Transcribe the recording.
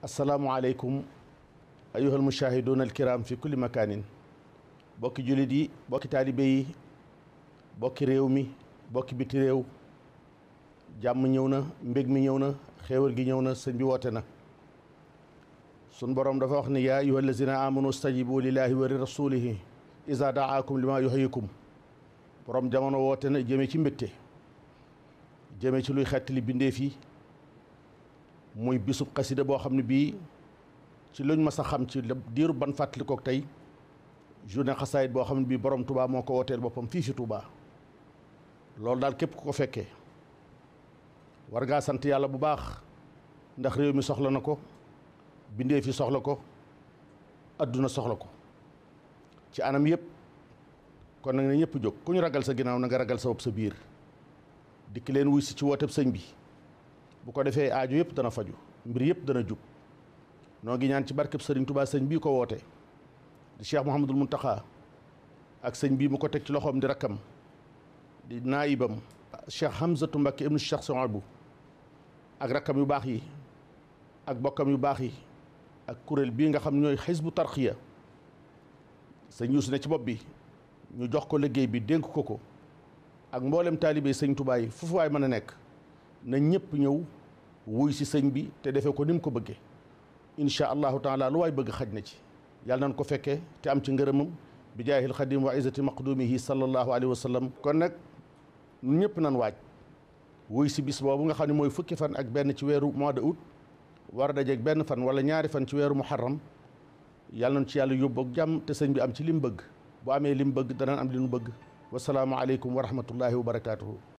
السلام عليكم أيها المشاهدون الكرام في كل مكان bokki jullit yi bokki taalibe yi bokki réew mi bokki biti réew jàmm ñëw na mbég mi ñëw na xéewal gi ñëw na sëñ bi woote na sun borom dafa wax ni yaa ayuha allazina amanu stajibu lillahi wa li rasulihi isa daakum lima yuhyikum borom jamono woote na jëme ci mbégte jëme ci luy xettali bindéef yi muy bisub xasida boo xam ne bii ci luñ mas a xam ci diiru ban fàttalikook tey journée xasaayit boo xam ne bii borom Touba moo ko wooteel boppam fii ci Touba loolu daal képp ku ko fekkee war sant yàlla bu baax ndax réew mi soxla na ko bindee fi soxla ko adduna soxla ko ci anam yëpp kon nag na ñëpp jóg ku ñu ragal sa ginaaw na nga ragal sa bopp sa biir dikk leen wuy si ci wooteb sëñ bi bu ko defee aajo yëpp dana faju mbir yëpp dana jub noo ngi ñaan ci barkeb sëriñ Touba sëñ bii ko woote di Cheikh Mouhamadul Mountakha ak sëñ bii mu ko teg ci loxoom di rakkam di naayibam Cheikh Hamzatu Mbacké ibnu Cheikh Souhaïbou ak rakkam yu baax yi ak bokkam yu baax yi ak kuréel bii nga xam ñooy xisbu tarxiya sëñ Yuusu ne ci bopp bi ñu jox ko liggéey bi dénk ko ko ak mboolem taalibe sëñ Touba yi foofu waay mën a nekk na ñëpp ñëw wuy ci sëñ bi te défé ko nim ko bëggé insha allah taala lu way bëgg xaj na ci yàlla nañ ko féké te am ci ngërëmam bi jaahil khadim wa izati maqdumihi sallallahu alayhi wa sallam kon nak ñëpp nan waaj wuy ci bis bobu nga xamni moy fukki fan ak ben ci wéru mois de août war a ak ben fan wala ñaari fan ci wéru muharram yàlla nañ ci yàlla yóbbu ak jam te sëñ bi am ci lim bëgg bu amé lim mu bëgg danañ am li nu bëgg wasalaamualeykum wa rahmatullahi wa barakaatuhu